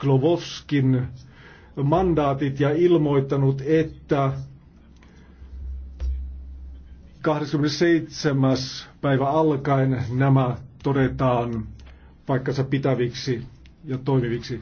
Klovovskin mandaatit ja ilmoittanut, että 27. päivä alkaen nämä todetaan paikkansa pitäviksi ja toimiviksi.